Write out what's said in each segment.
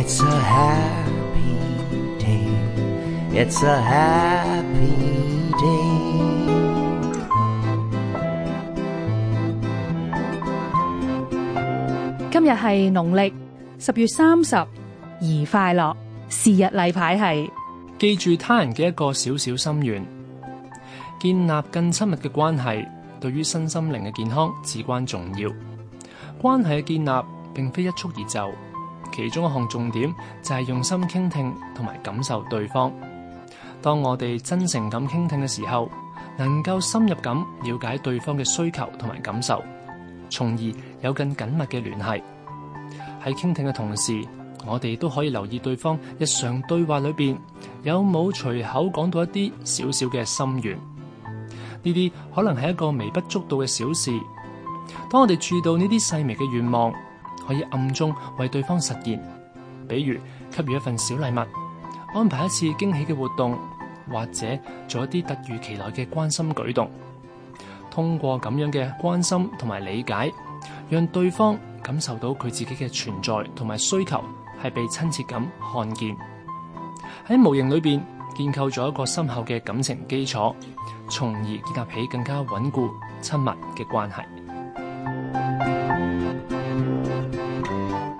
It's a happy day, it's a happy day 今日係農曆十月三十，而快樂是日例牌係記住他人嘅一個小小心願，建立更親密嘅關係。對於身心靈嘅健康至關重要。關係嘅建立並非一蹴而就，其中一項重點就係用心傾聽同埋感受對方。當我哋真誠咁傾聽嘅時候，能夠深入咁了解對方嘅需求同埋感受，從而有更緊密嘅聯繫。喺傾聽嘅同時，我哋都可以留意對方日常對話裏邊有冇隨口講到一啲小小嘅心願。呢啲可能係一個微不足道嘅小事，當我哋注意到呢啲細微嘅願望，可以暗中為對方實現，比如給予一份小禮物，安排一次驚喜嘅活動，或者做一啲突如其來嘅關心舉動。通過咁樣嘅關心同埋理解，讓對方感受到佢自己嘅存在同埋需求係被親切噉看見。喺模型裏邊。建構咗一個深厚嘅感情基礎，從而建立起更加穩固親密嘅關係。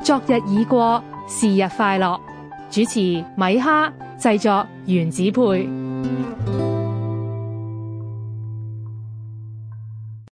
昨日已過，是日快樂。主持米哈，製作原子配。